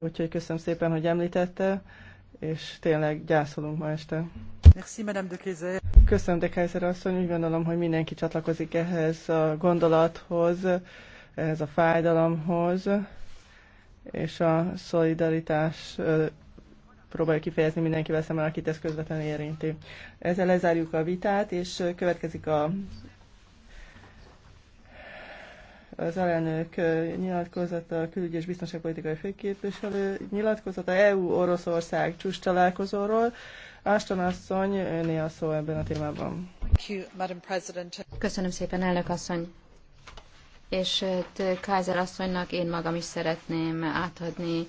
Úgyhogy köszönöm szépen, hogy említette, és tényleg gyászolunk ma este. Merci, Madame de Kaiser. Köszönöm, de Kaiser asszony. Úgy gondolom, hogy mindenki csatlakozik ehhez a gondolathoz, ehhez a fájdalomhoz, és a szolidaritás próbálja kifejezni mindenkivel szemben, akit ez közvetlenül érinti. Ezzel lezárjuk a vitát, és következik a az elnök nyilatkozata, a külügy és biztonságpolitikai főképviselő nyilatkozata EU-Oroszország csúcs találkozóról. Ashton asszony, öné a szó ebben a témában. Köszönöm szépen, elnök asszony. És Kázer asszonynak én magam is szeretném átadni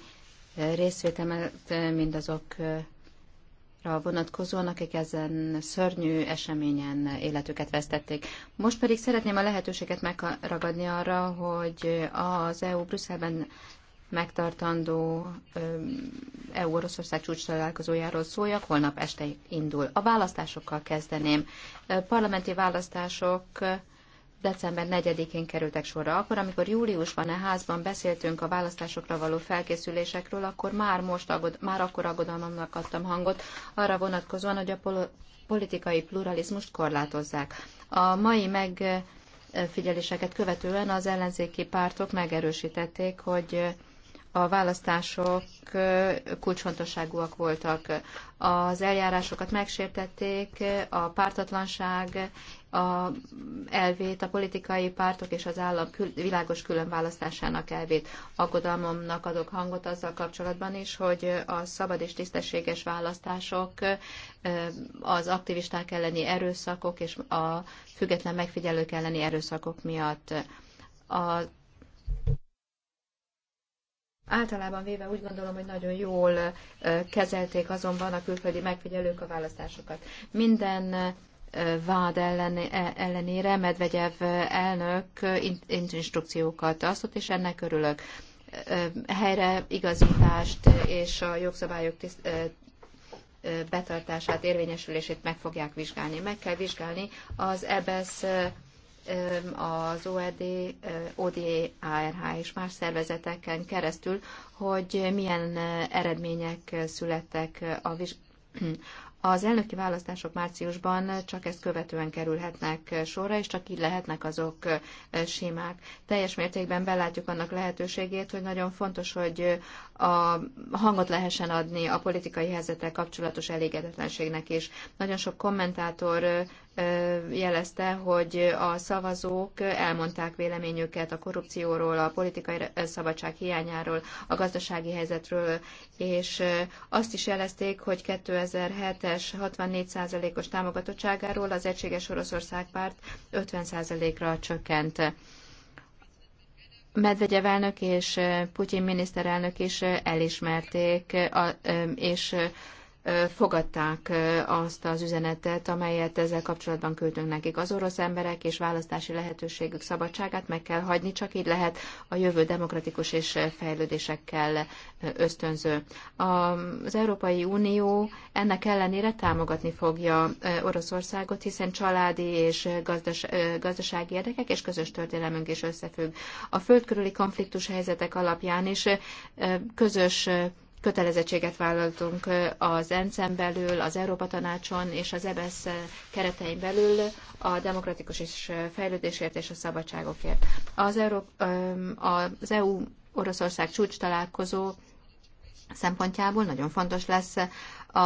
részvétemet mindazok vonatkozóan, akik ezen szörnyű eseményen életüket vesztették. Most pedig szeretném a lehetőséget megragadni arra, hogy az EU Brüsszelben megtartandó EU-Oroszország csúcs találkozójáról szóljak, holnap este indul. A választásokkal kezdeném. Parlamenti választások december 4-én kerültek sorra. Akkor, amikor júliusban a e házban beszéltünk a választásokra való felkészülésekről, akkor már most agod, már akkor aggodalmamnak adtam hangot arra vonatkozóan, hogy a politikai pluralizmust korlátozzák. A mai megfigyeléseket követően az ellenzéki pártok megerősítették, hogy a választások kulcsfontosságúak voltak. Az eljárásokat megsértették, a pártatlanság a elvét, a politikai pártok és az állam kül- világos különválasztásának elvét. Aggodalmamnak adok hangot azzal kapcsolatban is, hogy a szabad és tisztességes választások, az aktivisták elleni erőszakok és a független megfigyelők elleni erőszakok miatt a Általában véve úgy gondolom, hogy nagyon jól kezelték azonban a külföldi megfigyelők a választásokat. Minden vád ellen, e, ellenére Medvegyev elnök instrukciókat adott, és ennek örülök. Helyreigazítást és a jogszabályok tiszt, betartását, érvényesülését meg fogják vizsgálni. Meg kell vizsgálni az EBSZ e az OED, ARH és más szervezeteken keresztül, hogy milyen eredmények születtek a viz... Az elnöki választások márciusban csak ezt követően kerülhetnek sorra, és csak így lehetnek azok simák. Teljes mértékben belátjuk annak lehetőségét, hogy nagyon fontos, hogy a hangot lehessen adni a politikai helyzettel kapcsolatos elégedetlenségnek is. Nagyon sok kommentátor jelezte, hogy a szavazók elmondták véleményüket a korrupcióról, a politikai szabadság hiányáról, a gazdasági helyzetről, és azt is jelezték, hogy 2007-es 64%-os támogatottságáról az egységes Oroszország párt 50%-ra csökkent. Medvegyev elnök és Putyin miniszterelnök is elismerték, és fogadták azt az üzenetet, amelyet ezzel kapcsolatban küldtünk nekik. Az orosz emberek és választási lehetőségük szabadságát meg kell hagyni, csak így lehet a jövő demokratikus és fejlődésekkel ösztönző. Az Európai Unió ennek ellenére támogatni fogja Oroszországot, hiszen családi és gazdasági érdekek és közös történelmünk is összefügg. A földkörüli konfliktus helyzetek alapján is közös kötelezettséget vállaltunk az ENSZ-en belül, az Európa Tanácson és az EBSZ e keretein belül a demokratikus és fejlődésért és a szabadságokért. Az, Európa, az EU Oroszország csúcs találkozó szempontjából nagyon fontos lesz a,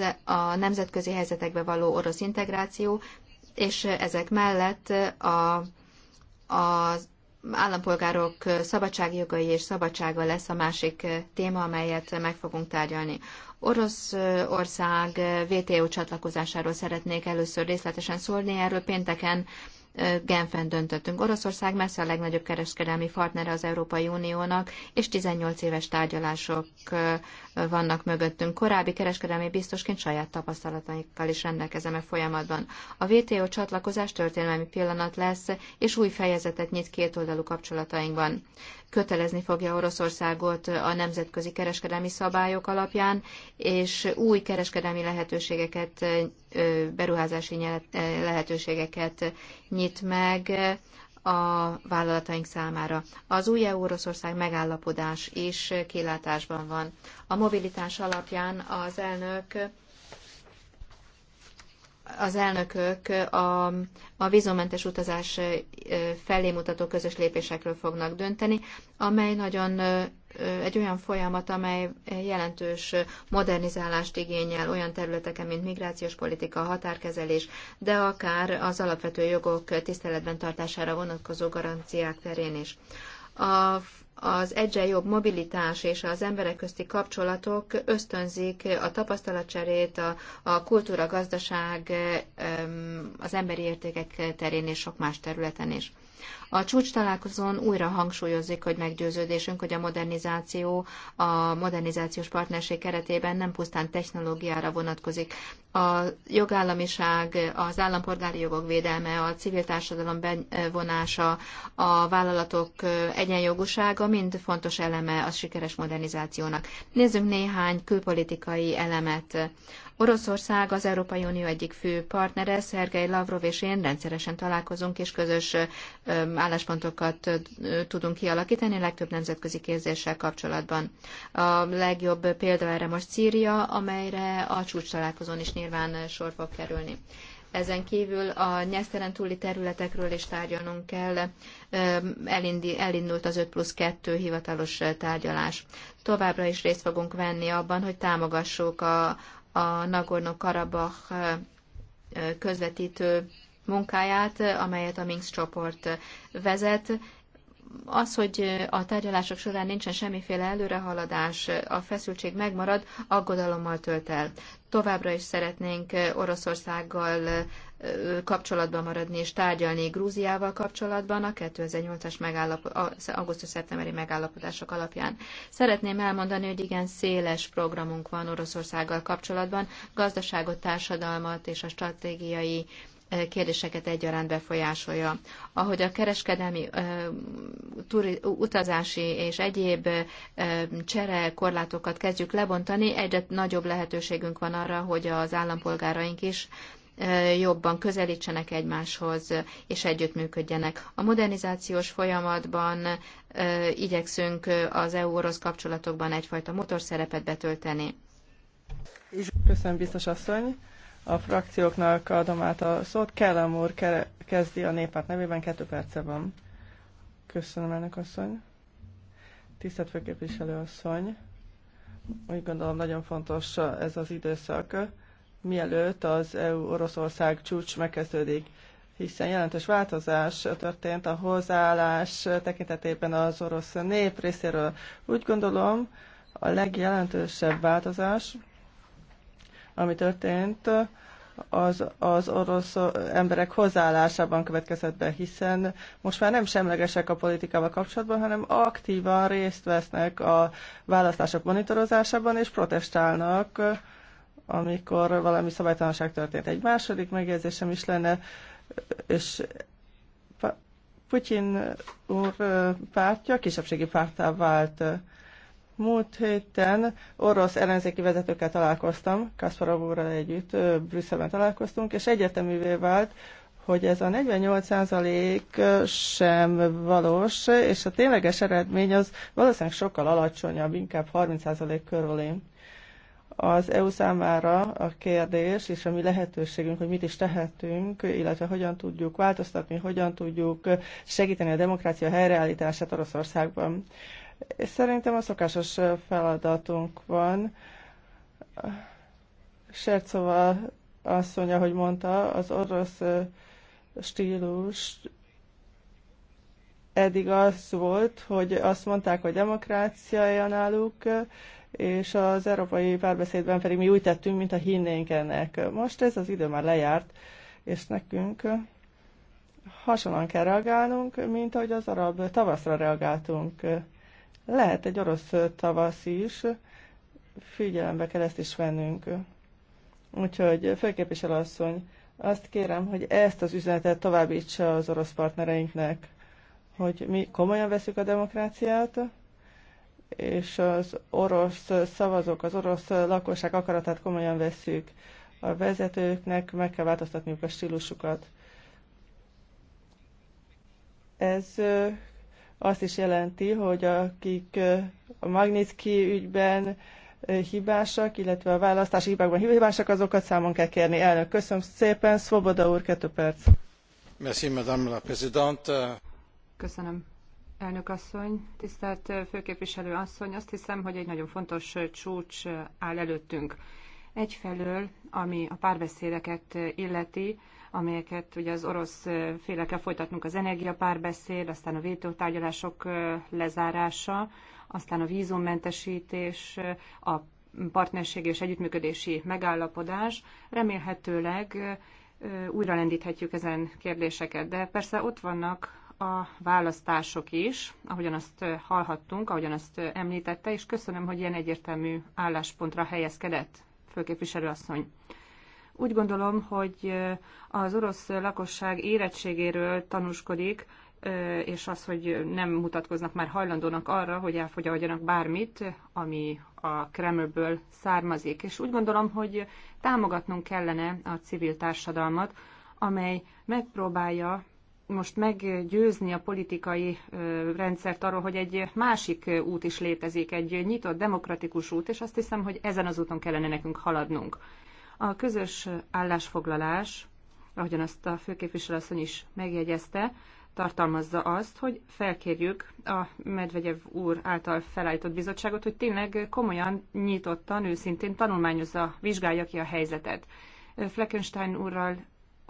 e, a nemzetközi helyzetekbe való orosz integráció, és ezek mellett a, a állampolgárok szabadságjogai és szabadsága lesz a másik téma, amelyet meg fogunk tárgyalni. Oroszország VTO csatlakozásáról szeretnék először részletesen szólni, erről pénteken Genfen döntöttünk. Oroszország messze a legnagyobb kereskedelmi partnere az Európai Uniónak, és 18 éves tárgyalások vannak mögöttünk. Korábbi kereskedelmi biztosként saját tapasztalataikkal is rendelkezem e folyamatban. A WTO csatlakozás történelmi pillanat lesz, és új fejezetet nyit kétoldalú kapcsolatainkban kötelezni fogja Oroszországot a nemzetközi kereskedelmi szabályok alapján, és új kereskedelmi lehetőségeket, beruházási lehetőségeket nyit meg a vállalataink számára. Az új Oroszország megállapodás is kilátásban van. A mobilitás alapján az elnök az elnökök a, a vízumentes utazás felé mutató közös lépésekről fognak dönteni, amely nagyon egy olyan folyamat, amely jelentős modernizálást igényel olyan területeken, mint migrációs politika, határkezelés, de akár az alapvető jogok tiszteletben tartására vonatkozó garanciák terén is. A az egyre jobb mobilitás és az emberek közti kapcsolatok ösztönzik a tapasztalatcserét, a, a kultúra, gazdaság, az emberi értékek terén és sok más területen is. A csúcs találkozón újra hangsúlyozik, hogy meggyőződésünk, hogy a modernizáció a modernizációs partnerség keretében nem pusztán technológiára vonatkozik. A jogállamiság, az állampolgári jogok védelme, a civil társadalom bevonása, a vállalatok egyenjogúsága mind fontos eleme a sikeres modernizációnak. Nézzünk néhány külpolitikai elemet. Oroszország az Európai Unió egyik fő partnere, Szergei Lavrov és én rendszeresen találkozunk, és közös álláspontokat tudunk kialakítani, legtöbb nemzetközi kérdéssel kapcsolatban. A legjobb példa erre most Szíria, amelyre a csúcs találkozón is nyilván sor fog kerülni. Ezen kívül a nyeszteren túli területekről is tárgyalnunk kell. Elindi, elindult az 5 plusz 2 hivatalos tárgyalás. Továbbra is részt fogunk venni abban, hogy támogassuk a, a Nagorno-Karabakh közvetítő munkáját, amelyet a Minsk csoport vezet. Az, hogy a tárgyalások során nincsen semmiféle előrehaladás, a feszültség megmarad, aggodalommal tölt el továbbra is szeretnénk Oroszországgal kapcsolatban maradni és tárgyalni Grúziával kapcsolatban a 2008-as megállap, augusztus-szeptemberi megállapodások alapján. Szeretném elmondani, hogy igen széles programunk van Oroszországgal kapcsolatban, gazdaságot, társadalmat és a stratégiai kérdéseket egyaránt befolyásolja. Ahogy a kereskedelmi, utazási és egyéb csere korlátokat kezdjük lebontani, egyre nagyobb lehetőségünk van arra, hogy az állampolgáraink is jobban közelítsenek egymáshoz, és együttműködjenek. A modernizációs folyamatban igyekszünk az EU-orosz kapcsolatokban egyfajta motorszerepet betölteni. Köszönöm, biztos asszony. A frakcióknak adom át a szót. Kellem úr kezdi a néppárt nevében, kettő perce van. Köszönöm, elnök asszony. Tisztelt főképviselő asszony, úgy gondolom nagyon fontos ez az időszak, mielőtt az EU-Oroszország csúcs megkezdődik, hiszen jelentős változás történt a hozzáállás tekintetében az orosz nép részéről. Úgy gondolom, a legjelentősebb változás ami történt, az, az orosz emberek hozzáállásában következett be, hiszen most már nem semlegesek a politikával kapcsolatban, hanem aktívan részt vesznek a választások monitorozásában, és protestálnak, amikor valami szabálytalanság történt. Egy második megjegyzésem is lenne, és Putyin úr pártja kisebbségi pártá vált Múlt héten orosz ellenzéki vezetőkkel találkoztam, Kasparov úrral együtt Brüsszelben találkoztunk, és egyeteművé vált, hogy ez a 48% sem valós, és a tényleges eredmény az valószínűleg sokkal alacsonyabb, inkább 30% körüli az EU számára a kérdés és a mi lehetőségünk, hogy mit is tehetünk, illetve hogyan tudjuk változtatni, hogyan tudjuk segíteni a demokrácia helyreállítását Oroszországban. És szerintem a szokásos feladatunk van. Sercova asszony, ahogy mondta, az orosz stílus eddig az volt, hogy azt mondták, hogy demokráciája náluk, és az európai párbeszédben pedig mi úgy tettünk, mint a hinnénk ennek. Most ez az idő már lejárt, és nekünk hasonlóan kell reagálnunk, mint ahogy az arab tavaszra reagáltunk. Lehet egy orosz tavasz is, figyelembe kell ezt is vennünk. Úgyhogy főképviselő asszony, azt kérem, hogy ezt az üzenetet továbbítsa az orosz partnereinknek, hogy mi komolyan veszük a demokráciát, és az orosz szavazók, az orosz lakosság akaratát komolyan veszük. A vezetőknek meg kell változtatniuk a stílusukat. Ez azt is jelenti, hogy akik a Magnitsky ügyben hibásak, illetve a választási hibákban hibásak, azokat számon kell kérni. Elnök, köszönöm szépen. Svoboda úr, kettő perc. Merci, madame la présidente. Köszönöm, Elnök asszony, tisztelt főképviselő asszony, azt hiszem, hogy egy nagyon fontos csúcs áll előttünk. Egyfelől, ami a párbeszédeket illeti, amelyeket ugye az orosz féle kell folytatnunk az energiapárbeszéd, aztán a vétótárgyalások lezárása, aztán a vízummentesítés, a partnerség és együttműködési megállapodás. Remélhetőleg újra lendíthetjük ezen kérdéseket, de persze ott vannak a választások is, ahogyan azt hallhattunk, ahogyan azt említette, és köszönöm, hogy ilyen egyértelmű álláspontra helyezkedett, főképviselő asszony. Úgy gondolom, hogy az orosz lakosság érettségéről tanúskodik, és az, hogy nem mutatkoznak már hajlandónak arra, hogy elfogyadjanak bármit, ami a Kremlből származik. És úgy gondolom, hogy támogatnunk kellene a civil társadalmat, amely megpróbálja most meggyőzni a politikai rendszert arról, hogy egy másik út is létezik, egy nyitott, demokratikus út, és azt hiszem, hogy ezen az úton kellene nekünk haladnunk. A közös állásfoglalás, ahogyan azt a főképviselőasszony is megjegyezte, tartalmazza azt, hogy felkérjük a Medvegyev úr által felállított bizottságot, hogy tényleg komolyan, nyitottan, őszintén tanulmányozza, vizsgálja ki a helyzetet. Fleckenstein úrral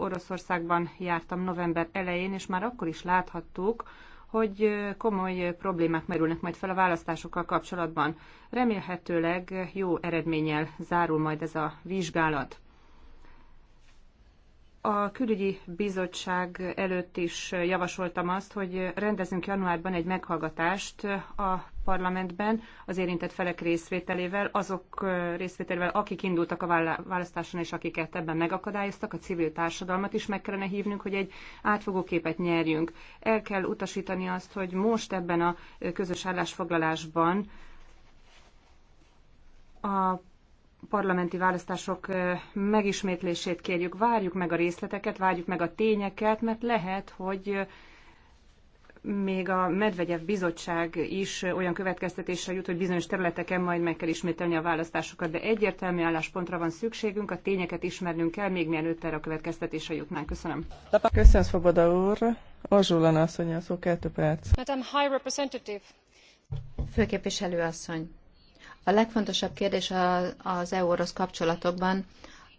Oroszországban jártam november elején, és már akkor is láthattuk, hogy komoly problémák merülnek majd fel a választásokkal kapcsolatban. Remélhetőleg jó eredménnyel zárul majd ez a vizsgálat. A külügyi bizottság előtt is javasoltam azt, hogy rendezünk januárban egy meghallgatást a Parlamentben az érintett felek részvételével, azok részvételével, akik indultak a választáson és akiket ebben megakadályoztak, a civil társadalmat is meg kellene hívnunk, hogy egy átfogó képet nyerjünk. El kell utasítani azt, hogy most ebben a közös állásfoglalásban a parlamenti választások megismétlését kérjük, várjuk meg a részleteket, várjuk meg a tényeket, mert lehet, hogy még a Medvegyev bizottság is olyan következtetésre jut, hogy bizonyos területeken majd meg kell ismételni a választásokat, de egyértelmű álláspontra van szükségünk, a tényeket ismernünk kell, még mielőtt erre a következtetésre jutnánk. Köszönöm. Köszönöm, Szoboda úr. Azsulan asszony, a szó kettő perc. Madam High Representative. Főképviselő asszony. A legfontosabb kérdés az EU-orosz kapcsolatokban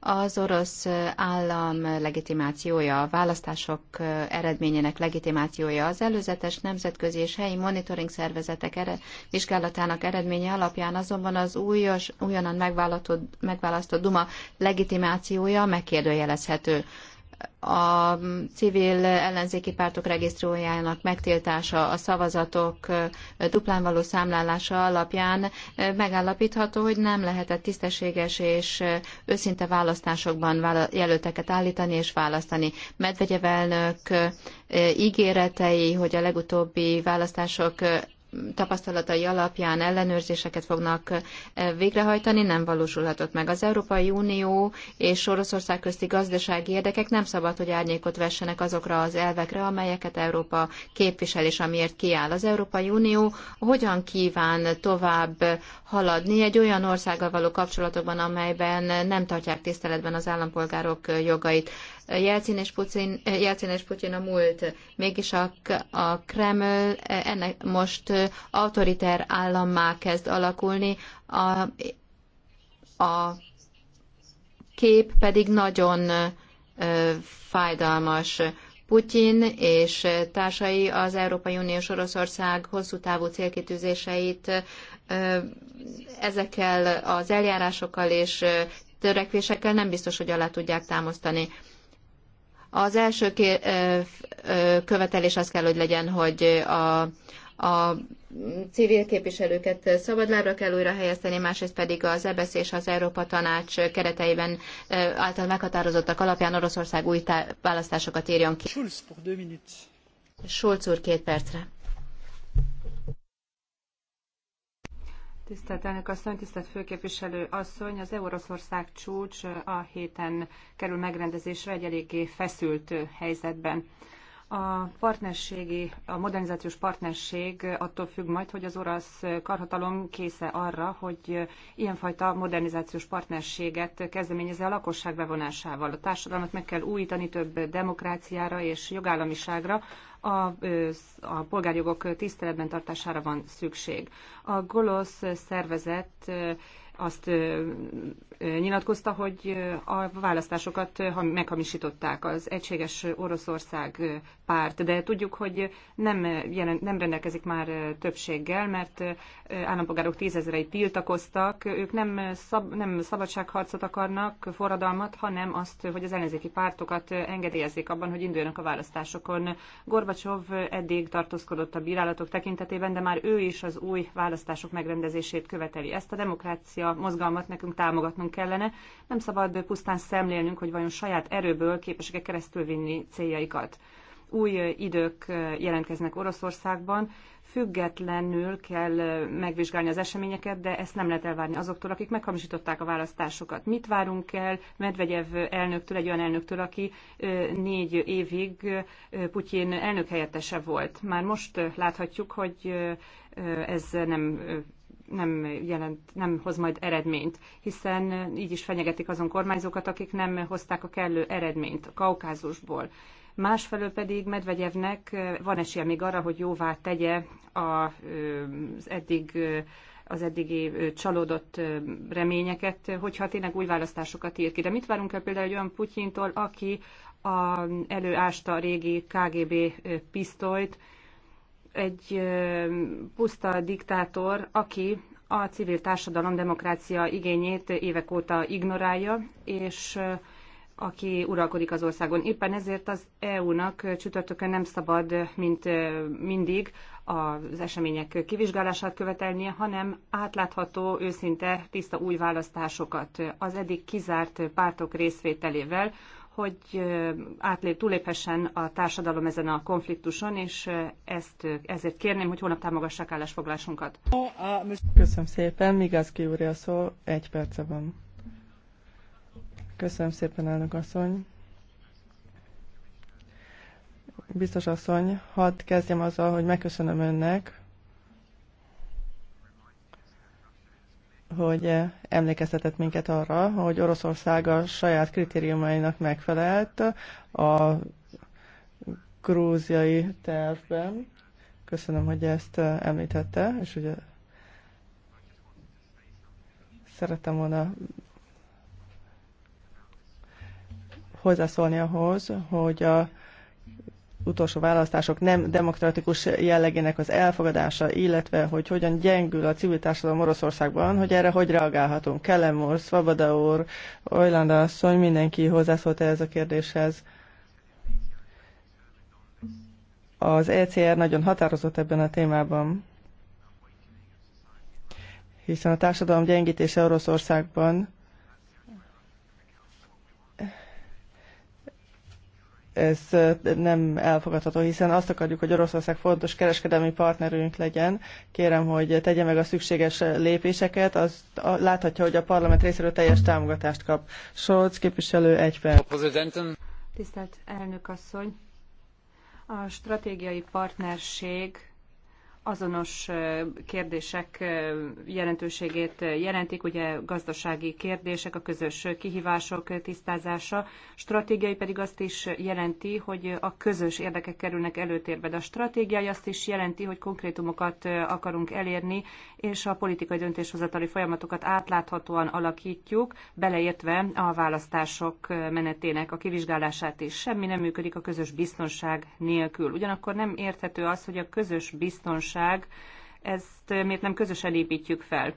az orosz állam legitimációja, a választások eredményének legitimációja, az előzetes nemzetközi és helyi monitoring szervezetek ere, vizsgálatának eredménye alapján azonban az újos, újonnan megválasztott Duma legitimációja megkérdőjelezhető a civil ellenzéki pártok regisztrójának megtiltása, a szavazatok duplán való számlálása alapján megállapítható, hogy nem lehetett tisztességes és őszinte választásokban jelölteket állítani és választani. Medvegyev elnök ígéretei, hogy a legutóbbi választások tapasztalatai alapján ellenőrzéseket fognak eh, végrehajtani, nem valósulhatott meg. Az Európai Unió és Oroszország közti gazdasági érdekek nem szabad, hogy árnyékot vessenek azokra az elvekre, amelyeket Európa képvisel és amiért kiáll. Az Európai Unió hogyan kíván tovább haladni egy olyan országgal való kapcsolatokban, amelyben nem tartják tiszteletben az állampolgárok jogait. Jelcin és Putin, eh, Jelcin és Putin a múlt. Mégis a, a Kreml eh, ennek most eh, autoriter állammá kezd alakulni, a, a kép pedig nagyon fájdalmas. Putyin és társai az Európai Uniós Oroszország hosszú távú célkitűzéseit ezekkel az eljárásokkal és törekvésekkel nem biztos, hogy alá tudják támasztani. Az első követelés az kell, hogy legyen, hogy a, a civil képviselőket szabadlábra kell újra helyezteni, másrészt pedig az EBSZ e és az Európa Tanács kereteiben által meghatározottak alapján Oroszország új választásokat írjon ki. Schulz úr két percre. Tisztelt elnök asszony, tisztelt főképviselő asszony, az Euroszország csúcs a héten kerül megrendezésre egy eléggé feszült helyzetben. A partnerségi, a modernizációs partnerség attól függ majd, hogy az orosz karhatalom késze arra, hogy ilyenfajta modernizációs partnerséget kezdeményezze a lakosság bevonásával. A társadalmat meg kell újítani több demokráciára és jogállamiságra, a, a polgárjogok tiszteletben tartására van szükség. A GOLOSZ szervezet azt nyilatkozta, hogy a választásokat meghamisították az egységes Oroszország párt, de tudjuk, hogy nem, jelen, nem rendelkezik már többséggel, mert állampolgárok tízezerei tiltakoztak, ők nem, szab, nem szabadságharcot akarnak, forradalmat, hanem azt, hogy az ellenzéki pártokat engedélyezzék abban, hogy induljanak a választásokon. Gorbacsov eddig tartózkodott a bírálatok tekintetében, de már ő is az új választások megrendezését követeli. Ezt a demokrácia mozgalmat nekünk támogatnunk kellene. Nem szabad pusztán szemlélnünk, hogy vajon saját erőből képesek-e keresztül vinni céljaikat. Új idők jelentkeznek Oroszországban, függetlenül kell megvizsgálni az eseményeket, de ezt nem lehet elvárni azoktól, akik meghamisították a választásokat. Mit várunk el Medvegyev elnöktől, egy olyan elnöktől, aki négy évig Putyin elnök helyettese volt? Már most láthatjuk, hogy ez nem nem, jelent, nem hoz majd eredményt, hiszen így is fenyegetik azon kormányzókat, akik nem hozták a kellő eredményt a Kaukázusból. Másfelől pedig Medvegyevnek van esélye még arra, hogy jóvá tegye az eddig az eddigi csalódott reményeket, hogyha tényleg új választásokat ír ki. De mit várunk el például egy olyan Putyintól, aki a, előásta a régi KGB pisztolyt, egy puszta diktátor, aki a civil társadalom demokrácia igényét évek óta ignorálja, és aki uralkodik az országon. Éppen ezért az EU-nak csütörtökön nem szabad, mint mindig, az események kivizsgálását követelnie, hanem átlátható, őszinte, tiszta új választásokat az eddig kizárt pártok részvételével, hogy átlép, túléphessen a társadalom ezen a konfliktuson, és ezt, ezért kérném, hogy holnap támogassák állásfoglásunkat. Köszönöm szépen, Migászki úr a szó, egy perce van. Köszönöm szépen, elnök asszony. Biztos asszony, hadd kezdjem azzal, hogy megköszönöm önnek, hogy eh, emlékeztetett minket arra, hogy Oroszország a saját kritériumainak megfelelt a grúziai tervben. Köszönöm, hogy ezt eh, említette, és ugye szerettem volna hozzászólni ahhoz, hogy a utolsó választások nem demokratikus jellegének az elfogadása, illetve hogy hogyan gyengül a civil társadalom Oroszországban, hogy erre hogy reagálhatunk. Kellem úr, Szvabada úr, Ojlanda asszony, mindenki hozzászólt ez a kérdéshez. Az ECR nagyon határozott ebben a témában, hiszen a társadalom gyengítése Oroszországban ez nem elfogadható, hiszen azt akarjuk, hogy Oroszország fontos kereskedelmi partnerünk legyen. Kérem, hogy tegye meg a szükséges lépéseket, az láthatja, hogy a parlament részéről teljes támogatást kap. Scholz képviselő egy perc. Tisztelt elnök asszony! A stratégiai partnerség azonos kérdések jelentőségét jelentik, ugye gazdasági kérdések, a közös kihívások tisztázása, stratégiai pedig azt is jelenti, hogy a közös érdekek kerülnek előtérbe, de a stratégiai azt is jelenti, hogy konkrétumokat akarunk elérni, és a politikai döntéshozatali folyamatokat átláthatóan alakítjuk, beleértve a választások menetének a kivizsgálását is. Semmi nem működik a közös biztonság nélkül. Ugyanakkor nem érthető az, hogy a közös biztonság hatóság, ezt eh, miért nem közösen építjük fel.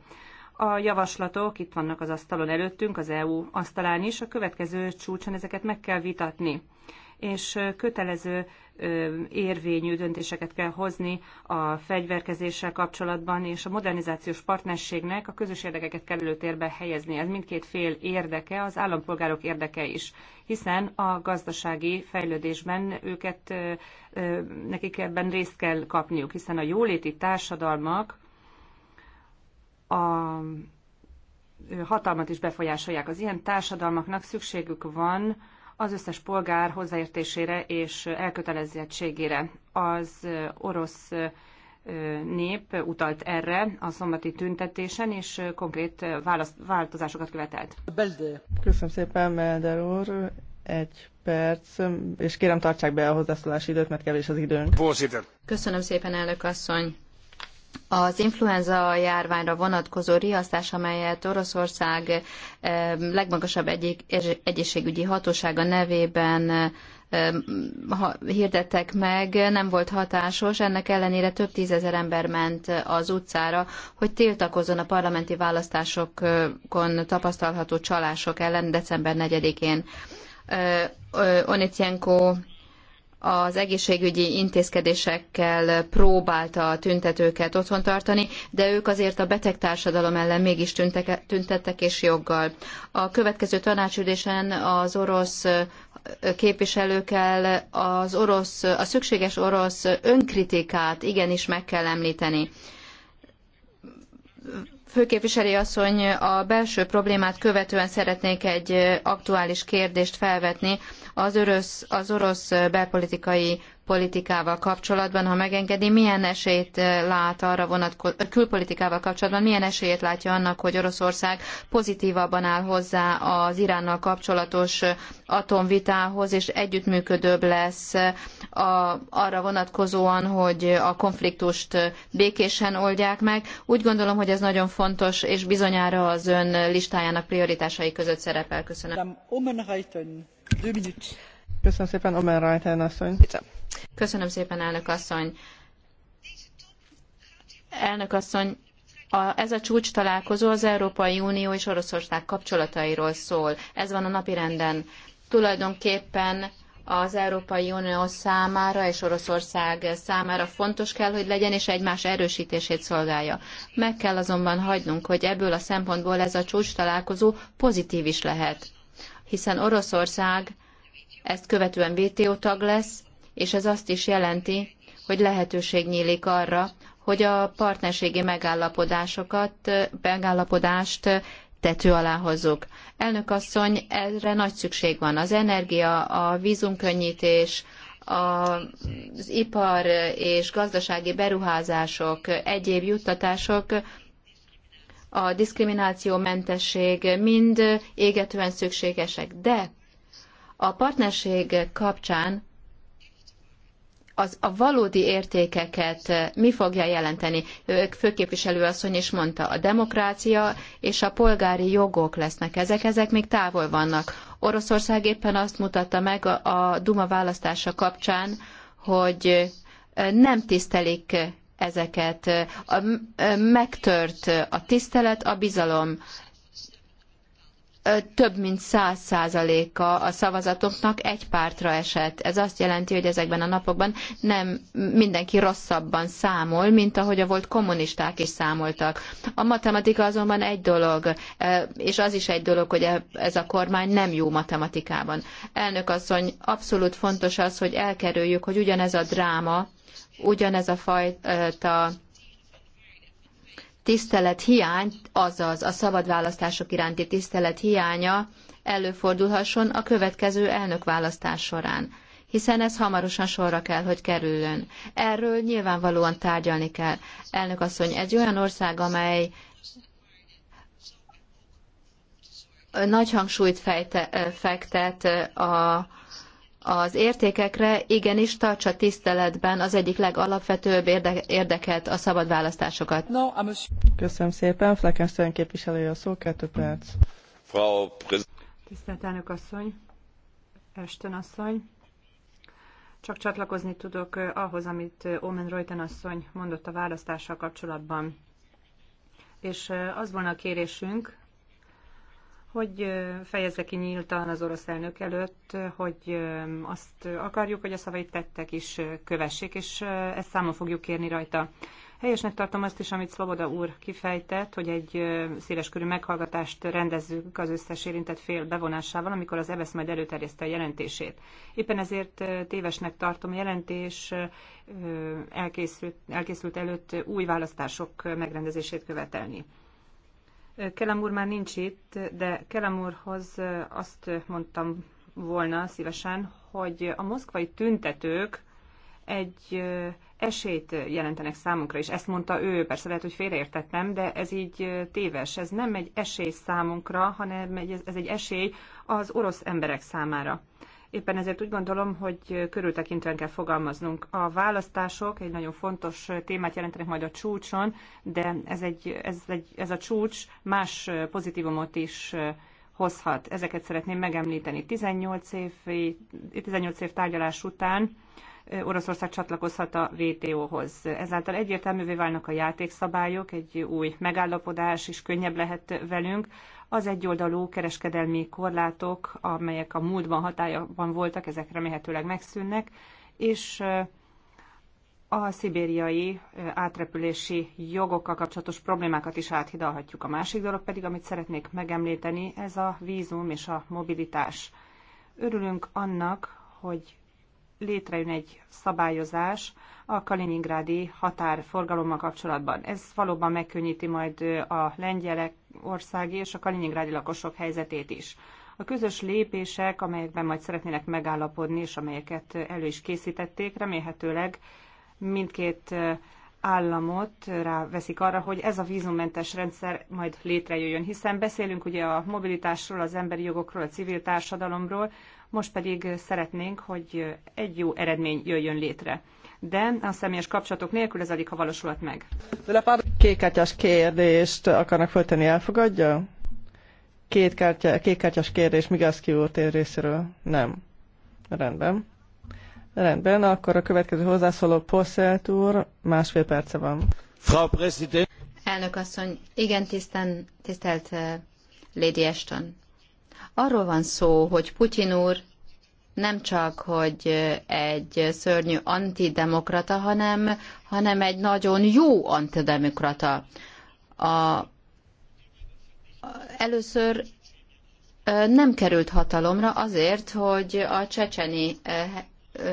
A javaslatok itt vannak az asztalon előttünk, az EU asztalán is, a következő csúcson ezeket meg kell vitatni és kötelező érvényű döntéseket kell hozni a fegyverkezéssel kapcsolatban, és a modernizációs partnerségnek a közös érdekeket kell előtérbe helyezni. Ez mindkét fél érdeke, az állampolgárok érdeke is, hiszen a gazdasági fejlődésben őket, nekik ebben részt kell kapniuk, hiszen a jóléti társadalmak a hatalmat is befolyásolják. Az ilyen társadalmaknak szükségük van, az összes polgár hozzáértésére és elkötelezettségére. Az orosz nép utalt erre a szombati tüntetésen, és konkrét választ, változásokat követelt. Köszönöm szépen, Melder úr. Egy perc, és kérem tartsák be a hozzászólási időt, mert kevés az időnk. Köszönöm szépen, elnök asszony az influenza járványra vonatkozó riasztás, amelyet Oroszország legmagasabb egyik, egészségügyi hatósága nevében hirdettek meg, nem volt hatásos, ennek ellenére több tízezer ember ment az utcára, hogy tiltakozzon a parlamenti választásokon tapasztalható csalások ellen december 4-én az egészségügyi intézkedésekkel próbálta a tüntetőket otthon tartani, de ők azért a beteg társadalom ellen mégis tüntek, tüntettek és joggal. A következő tanácsülésen az orosz képviselőkkel az orosz, a szükséges orosz önkritikát igenis meg kell említeni Főképviselő asszony, a belső problémát követően szeretnék egy aktuális kérdést felvetni az orosz, az orosz belpolitikai politikával kapcsolatban, ha megengedi, milyen esélyt eh, lát arra vonatkozóan, eh, külpolitikával kapcsolatban, milyen esélyt látja annak, hogy Oroszország pozitívabban áll hozzá az Iránnal kapcsolatos eh, atomvitához, és együttműködőbb lesz a, arra vonatkozóan, hogy a konfliktust békésen oldják meg. Úgy gondolom, hogy ez nagyon fontos, és bizonyára az ön listájának prioritásai között szerepel. Köszönöm. Köszönöm szépen, Omen Rajtán asszony. Köszönöm szépen, elnök asszony. Elnök asszony, a, ez a csúcs találkozó az Európai Unió és Oroszország kapcsolatairól szól. Ez van a napirenden. Tulajdonképpen az Európai Unió számára és Oroszország számára fontos kell, hogy legyen, és egymás erősítését szolgálja. Meg kell azonban hagynunk, hogy ebből a szempontból ez a csúcs találkozó pozitív is lehet, hiszen Oroszország ezt követően WTO tag lesz, és ez azt is jelenti, hogy lehetőség nyílik arra, hogy a partnerségi megállapodásokat, megállapodást tető alá hozzuk. Elnök asszony, erre nagy szükség van. Az energia, a vízumkönnyítés, az ipar és gazdasági beruházások, egyéb juttatások, a diszkriminációmentesség mind égetően szükségesek. De a partnerség kapcsán az, a valódi értékeket mi fogja jelenteni? Ők főképviselő asszony is mondta, a demokrácia és a polgári jogok lesznek ezek, ezek még távol vannak. Oroszország éppen azt mutatta meg a, Duma választása kapcsán, hogy nem tisztelik ezeket. megtört a tisztelet, a bizalom több mint száz százaléka a szavazatoknak egy pártra esett. Ez azt jelenti, hogy ezekben a napokban nem mindenki rosszabban számol, mint ahogy a volt kommunisták is számoltak. A matematika azonban egy dolog, és az is egy dolog, hogy e- ez a kormány nem jó matematikában. Elnök asszony, abszolút fontos az, hogy elkerüljük, hogy ugyanez a dráma, ugyanez a fajta tisztelet hiány, azaz a szabad választások iránti tisztelet hiánya előfordulhasson a következő elnökválasztás során hiszen ez hamarosan sorra kell, hogy kerüljön. Erről nyilvánvalóan tárgyalni kell. Elnök asszony, egy olyan ország, amely nagy hangsúlyt fejte, fektet a az értékekre igenis tartsa tiszteletben az egyik legalapvetőbb érdeket, a szabad választásokat. Köszönöm szépen, Fleckenstein képviselője a szó, kettő perc. Frau Tisztelt elnök asszony, Esten asszony, csak csatlakozni tudok eh, ahhoz, amit eh, Omen Reuten asszony mondott a választással kapcsolatban. És eh, az volna a kérésünk, hogy fejezze ki nyíltan az orosz elnök előtt, hogy azt akarjuk, hogy a szavait tettek is kövessék, és ezt számon fogjuk kérni rajta. Helyesnek tartom azt is, amit Szloboda úr kifejtett, hogy egy széleskörű meghallgatást rendezzük az összes érintett fél bevonásával, amikor az EBSZ e majd előterjeszte a jelentését. Éppen ezért tévesnek tartom a jelentés elkészült, elkészült előtt új választások megrendezését követelni. Kelem úr már nincs itt, de Kelem úrhoz azt mondtam volna szívesen, hogy a moszkvai tüntetők egy esélyt jelentenek számunkra, és ezt mondta ő, persze lehet, hogy félreértettem, de ez így téves, ez nem egy esély számunkra, hanem ez egy esély az orosz emberek számára. Éppen ezért úgy gondolom, hogy körültekintően kell fogalmaznunk. A választások egy nagyon fontos témát jelentenek majd a csúcson, de ez, egy, ez, egy, ez a csúcs más pozitívumot is hozhat. Ezeket szeretném megemlíteni. 18 év, 18 év tárgyalás után Oroszország csatlakozhat a WTO-hoz. Ezáltal egyértelművé válnak a játékszabályok, egy új megállapodás is könnyebb lehet velünk. Az egyoldalú kereskedelmi korlátok, amelyek a múltban hatályban voltak, ezek remélhetőleg megszűnnek, és a szibériai átrepülési jogokkal kapcsolatos problémákat is áthidalhatjuk. A másik dolog pedig, amit szeretnék megemlíteni, ez a vízum és a mobilitás. Örülünk annak, hogy létrejön egy szabályozás a kaliningrádi határforgalommal kapcsolatban. Ez valóban megkönnyíti majd a lengyelek országi és a kaliningrádi lakosok helyzetét is. A közös lépések, amelyekben majd szeretnének megállapodni, és amelyeket elő is készítették, remélhetőleg mindkét államot ráveszik arra, hogy ez a vízummentes rendszer majd létrejöjjön, hiszen beszélünk ugye a mobilitásról, az emberi jogokról, a civil társadalomról, most pedig szeretnénk, hogy egy jó eredmény jöjjön létre. De a személyes kapcsolatok nélkül ez alig, ha valósulhat meg. Kékkártyás kérdést akarnak föltenni, elfogadja? Két kártya, kékkártyás kérdés Migászki úr tér részéről. Nem. Rendben. Rendben, akkor a következő hozzászóló Posselt úr, másfél perce van. Frau Präsident. Elnök asszony, igen, tisztán, tisztelt uh, Lady Ashton. Arról van szó, hogy Putyin úr nem csak, hogy egy szörnyű antidemokrata, hanem, hanem egy nagyon jó antidemokrata. A, először nem került hatalomra azért, hogy a csecseni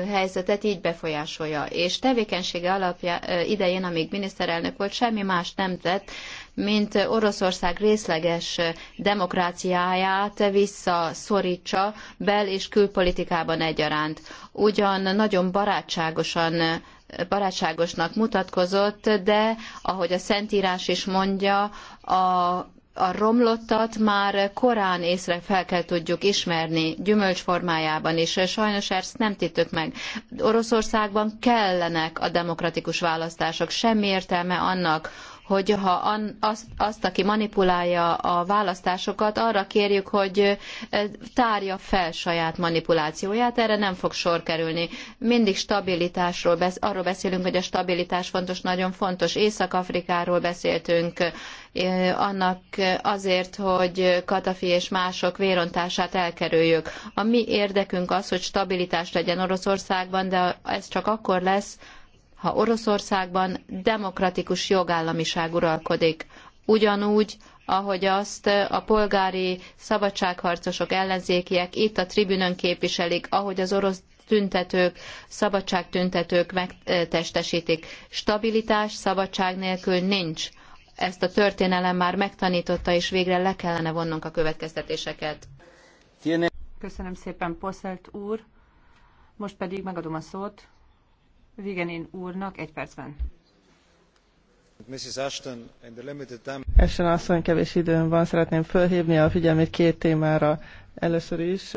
helyzetet így befolyásolja, és tevékenysége alapja idején, amíg miniszterelnök volt, semmi más nem tett, mint Oroszország részleges demokráciáját visszaszorítsa bel- és külpolitikában egyaránt. Ugyan nagyon barátságosan barátságosnak mutatkozott, de ahogy a Szentírás is mondja, a a romlottat már korán észre fel kell tudjuk ismerni, gyümölcs formájában is. Sajnos ezt nem tittük meg. Oroszországban kellenek a demokratikus választások. Semmi értelme annak, hogy ha azt, azt, aki manipulálja a választásokat, arra kérjük, hogy tárja fel saját manipulációját, erre nem fog sor kerülni. Mindig stabilitásról, arról beszélünk, hogy a stabilitás fontos, nagyon fontos. Észak-Afrikáról beszéltünk, annak azért, hogy Katafi és mások vérontását elkerüljük. A mi érdekünk az, hogy stabilitás legyen Oroszországban, de ez csak akkor lesz, ha Oroszországban demokratikus jogállamiság uralkodik, ugyanúgy, ahogy azt a polgári szabadságharcosok ellenzékiek itt a tribünön képviselik, ahogy az orosz tüntetők, szabadságtüntetők megtestesítik. Stabilitás szabadság nélkül nincs. Ezt a történelem már megtanította, és végre le kellene vonnunk a következtetéseket. Köszönöm szépen, Poszelt úr. Most pedig megadom a szót Vigenin úrnak egy percben. Ashton, Ashton asszony, kevés időm van, szeretném fölhívni a figyelmét két témára. Először is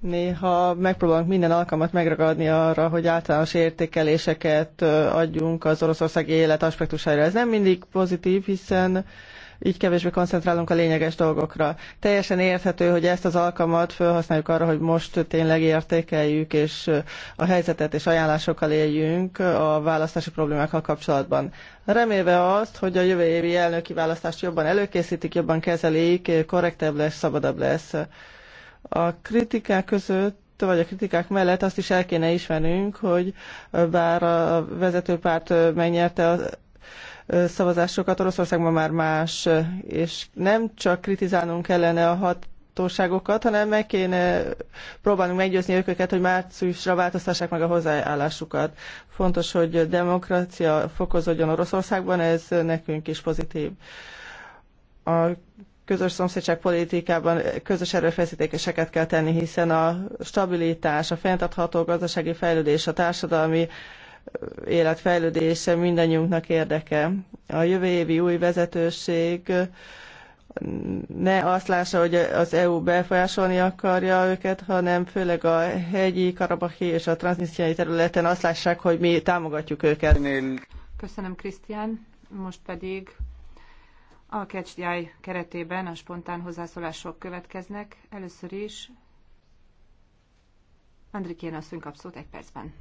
néha megpróbálunk minden alkalmat megragadni arra, hogy általános értékeléseket adjunk az oroszországi élet aspektusára. Ez nem mindig pozitív, hiszen így kevésbé koncentrálunk a lényeges dolgokra. Teljesen érthető, hogy ezt az alkalmat felhasználjuk arra, hogy most tényleg értékeljük, és a helyzetet és ajánlásokkal éljünk a választási problémákkal kapcsolatban. Remélve azt, hogy a jövő évi elnöki választást jobban előkészítik, jobban kezelik, korrektebb lesz, szabadabb lesz. A kritikák között vagy a kritikák mellett azt is el kéne ismernünk, hogy bár a vezetőpárt megnyerte az szavazásokat. Oroszországban már más, és nem csak kritizálnunk kellene a hat hatóságokat, hanem meg kéne próbálnunk meggyőzni őket, hogy márciusra változtassák meg a hozzáállásukat. Fontos, hogy demokrácia fokozódjon Oroszországban, ez nekünk is pozitív. A közös szomszédság politikában közös erőfeszítéseket kell tenni, hiszen a stabilitás, a fenntartható gazdasági fejlődés, a társadalmi életfejlődése mindannyiunknak érdeke. A jövő évi új vezetőség ne azt lássa, hogy az EU befolyásolni akarja őket, hanem főleg a hegyi, karabahi és a transznisztiai területen azt lássák, hogy mi támogatjuk őket. Köszönöm, Krisztián. Most pedig a KCDI keretében a spontán hozzászólások következnek. Először is Andrikén asszony kap szót egy percben.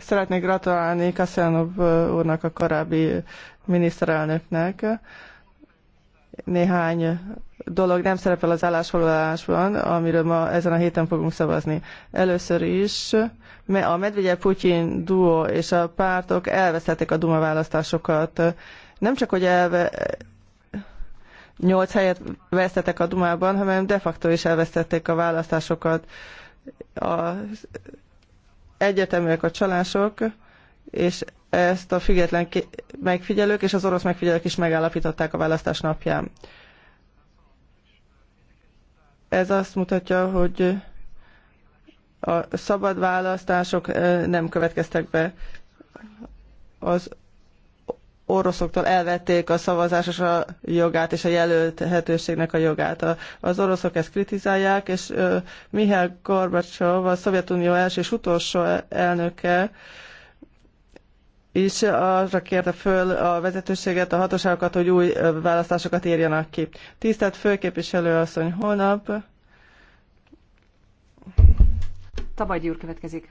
Szeretnék gratulálni Kaszianov úrnak, a korábbi miniszterelnöknek. Néhány dolog nem szerepel az állásfoglalásban, amiről ma ezen a héten fogunk szavazni. Először is a Medvegyev-Putyin duó és a pártok elvesztették a Duma választásokat. Nem csak, hogy elve, nyolc helyet vesztettek a Dumában, hanem de facto is elvesztették a választásokat. A egyetemek, a csalások, és ezt a független megfigyelők és az orosz megfigyelők is megállapították a választás napján. Ez azt mutatja, hogy a szabad választások eh, nem következtek be. Az oroszoktól elvették a szavazásos a jogát és a jelölthetőségnek a jogát. Az oroszok ezt kritizálják, és Mihály Gorbacsov, a Szovjetunió első és utolsó e- elnöke is arra kérte föl a vezetőséget, a hatóságokat, hogy új választásokat írjanak ki. Tisztelt főképviselő asszony, holnap... Tabajdi úr következik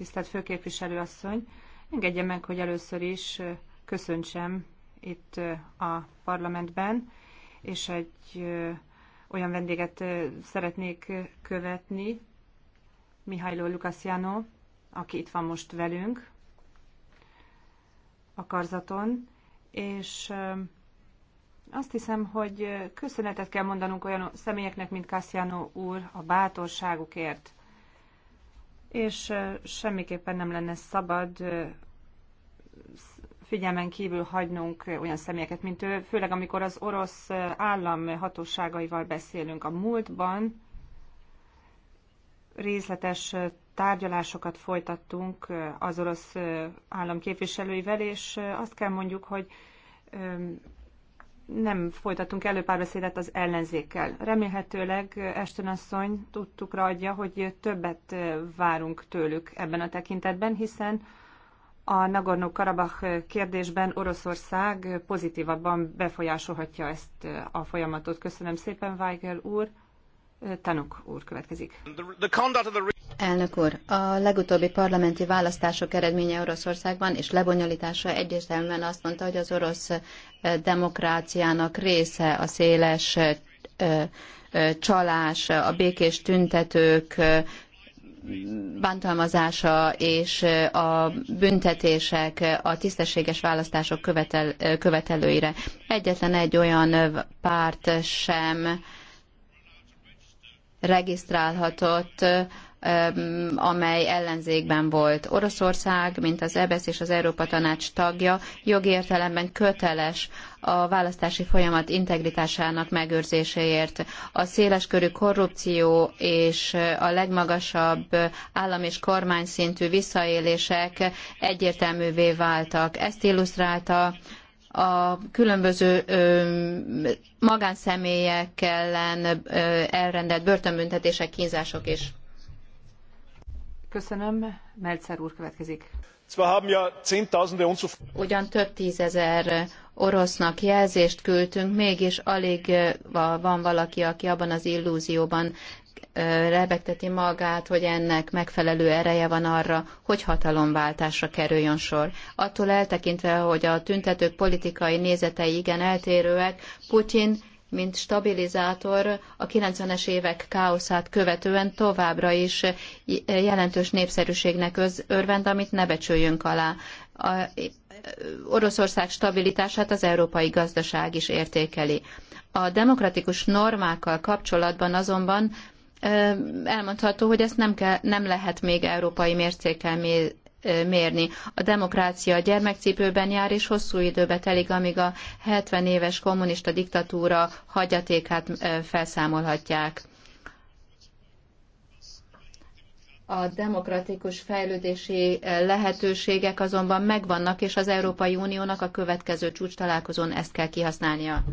Tisztelt Főképviselő asszony, engedje meg, hogy először is köszöntsem itt a parlamentben, és egy olyan vendéget szeretnék követni, Mihailo Lukasziano, aki itt van most velünk a karzaton, és azt hiszem, hogy köszönetet kell mondanunk olyan személyeknek, mint Cassiano úr a bátorságukért, és semmiképpen nem lenne szabad figyelmen kívül hagynunk olyan személyeket, mint ő, főleg amikor az orosz állam hatóságaival beszélünk a múltban, részletes tárgyalásokat folytattunk az orosz állam képviselőivel, és azt kell mondjuk, hogy nem folytatunk előpárbeszédet az ellenzékkel. Remélhetőleg Eston asszony tudtuk adja, hogy többet várunk tőlük ebben a tekintetben, hiszen a Nagorno-Karabakh kérdésben Oroszország pozitívabban befolyásolhatja ezt a folyamatot. Köszönöm szépen, Weigel úr. Tanuk úr következik. Elnök úr, a legutóbbi parlamenti választások eredménye Oroszországban és lebonyolítása egyértelműen azt mondta, hogy az orosz demokráciának része a széles csalás, a békés tüntetők bántalmazása és a büntetések a tisztességes választások követel, követelőire. Egyetlen egy olyan párt sem regisztrálhatott, amely ellenzékben volt. Oroszország, mint az EBSZ e és az Európa Tanács tagja, jogi értelemben köteles a választási folyamat integritásának megőrzéséért. A széleskörű korrupció és a legmagasabb állam és kormányszintű visszaélések egyértelművé váltak. Ezt illusztrálta a különböző magánszemélyek ellen elrendelt börtönbüntetések, kínzások is. Köszönöm. Meltzer úr következik. Ugyan több tízezer orosznak jelzést küldtünk, mégis alig van valaki, aki abban az illúzióban lebegteti magát, hogy ennek megfelelő ereje van arra, hogy hatalomváltásra kerüljön sor. Attól eltekintve, hogy a tüntetők politikai nézetei igen eltérőek, Putyin mint stabilizátor a 90-es évek káoszát követően továbbra is jelentős népszerűségnek örvend, amit ne becsüljünk alá. A Oroszország stabilitását az európai gazdaság is értékeli. A demokratikus normákkal kapcsolatban azonban elmondható, hogy ezt nem, kell, nem lehet még európai mércékkel mérni. A demokrácia a gyermekcipőben jár, és hosszú időbe telik, amíg a 70 éves kommunista diktatúra hagyatékát felszámolhatják. A demokratikus fejlődési lehetőségek azonban megvannak, és az Európai Uniónak a következő csúcs találkozón ezt kell kihasználnia.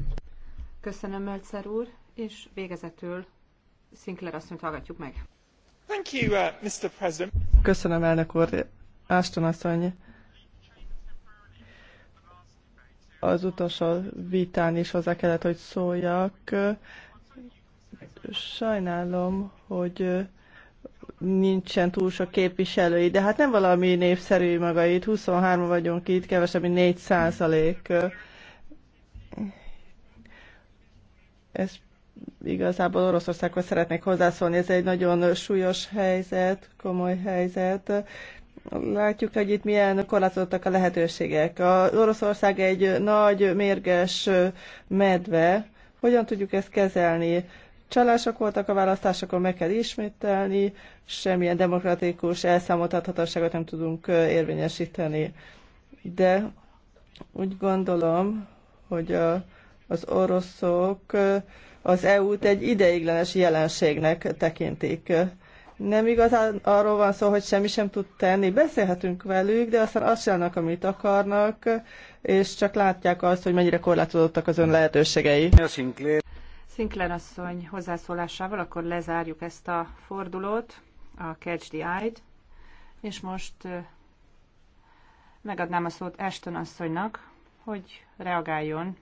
Köszönöm, Mölcer úr, és végezetül Sinclair asszonyt hallgatjuk meg. Thank you, uh, Mr. President. Köszönöm, elnök úr. Ashton asszony, az utolsó vitán is hozzá kellett, hogy szóljak. Sajnálom, hogy nincsen túl sok képviselői, de hát nem valami népszerű maga itt, 23 vagyunk itt, kevesebb, mint 4 százalék. Ez igazából Oroszországhoz szeretnék hozzászólni. Ez egy nagyon súlyos helyzet, komoly helyzet. Látjuk, hogy itt milyen korlátozottak a lehetőségek. A Oroszország egy nagy, mérges medve. Hogyan tudjuk ezt kezelni? Csalások voltak a választásokon, meg kell ismételni, semmilyen demokratikus elszámoltathatóságot nem tudunk érvényesíteni. De úgy gondolom, hogy a, az oroszok az EU-t egy ideiglenes jelenségnek tekintik. Nem igazán arról van szó, hogy semmi sem tud tenni. Beszélhetünk velük, de aztán azt csinálnak, amit akarnak, és csak látják azt, hogy mennyire korlátozottak az ön lehetőségei. Sinclair asszony hozzászólásával akkor lezárjuk ezt a fordulót, a Catch the Eye-t, és most megadnám a szót Ashton asszonynak, hogy reagáljon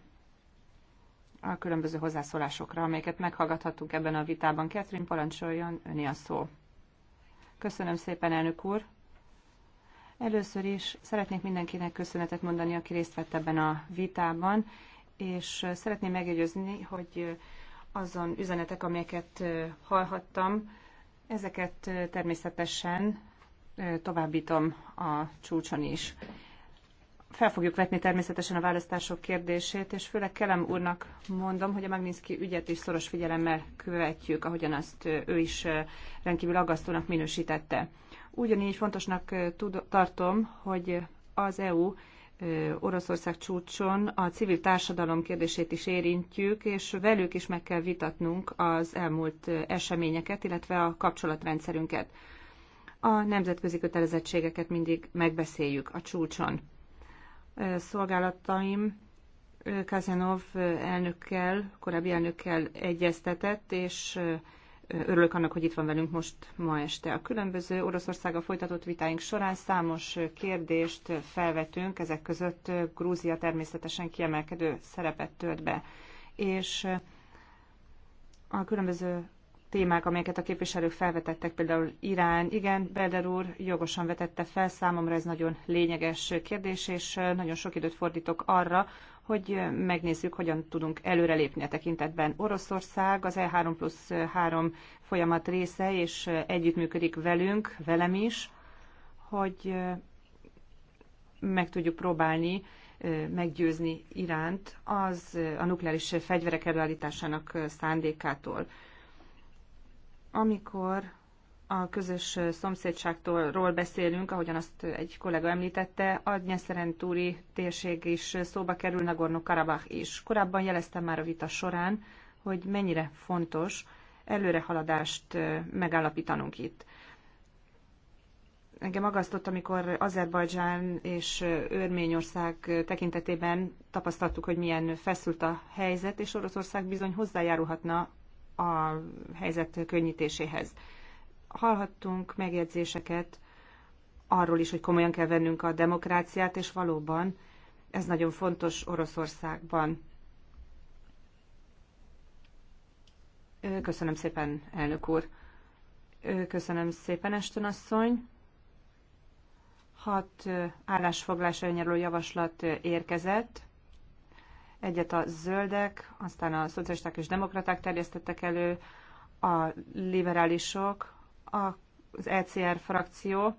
a különböző hozzászólásokra, amelyeket meghallgathattunk ebben a vitában. Catherine, parancsoljon, öné a szó. Köszönöm szépen, elnök úr. Először is szeretnék mindenkinek köszönetet mondani, aki részt vett ebben a vitában, és szeretném megjegyezni, hogy azon üzenetek, amelyeket hallhattam, ezeket természetesen továbbítom a csúcson is fel fogjuk vetni természetesen a választások kérdését, és főleg Kelem úrnak mondom, hogy a Magnitsky ügyet is szoros figyelemmel követjük, ahogyan azt ő is rendkívül aggasztónak minősítette. Ugyanígy fontosnak tartom, hogy az EU Oroszország csúcson a civil társadalom kérdését is érintjük, és velük is meg kell vitatnunk az elmúlt eseményeket, illetve a kapcsolatrendszerünket. A nemzetközi kötelezettségeket mindig megbeszéljük a csúcson szolgálataim Kazanov elnökkel, korábbi elnökkel egyeztetett, és örülök annak, hogy itt van velünk most ma este. A különböző Oroszországgal folytatott vitáink során számos kérdést felvetünk, ezek között Grúzia természetesen kiemelkedő szerepet tölt be. És a különböző témák, amelyeket a képviselők felvetettek, például Irán. Igen, Belder úr jogosan vetette fel, számomra ez nagyon lényeges kérdés, és nagyon sok időt fordítok arra, hogy megnézzük, hogyan tudunk előrelépni a tekintetben. Oroszország az E3 plusz 3 folyamat része, és együttműködik velünk, velem is, hogy meg tudjuk próbálni meggyőzni Iránt az a nukleáris fegyverek előállításának szándékától. Amikor a közös szomszédságtól beszélünk, ahogyan azt egy kollega említette, a Dnyeszerentúri térség is szóba kerül, nagorno karabach is. Korábban jeleztem már a vita során, hogy mennyire fontos előrehaladást megállapítanunk itt. Engem agasztott, amikor Azerbajdzsán és Örményország tekintetében tapasztaltuk, hogy milyen feszült a helyzet, és Oroszország bizony hozzájárulhatna a helyzet könnyítéséhez. Hallhattunk megjegyzéseket arról is, hogy komolyan kell vennünk a demokráciát, és valóban ez nagyon fontos Oroszországban. Köszönöm szépen, elnök úr. Köszönöm szépen, Esten asszony. Hat állásfoglás javaslat érkezett. Egyet a zöldek, aztán a szocialisták és demokraták terjesztettek elő, a liberálisok, az ECR frakció,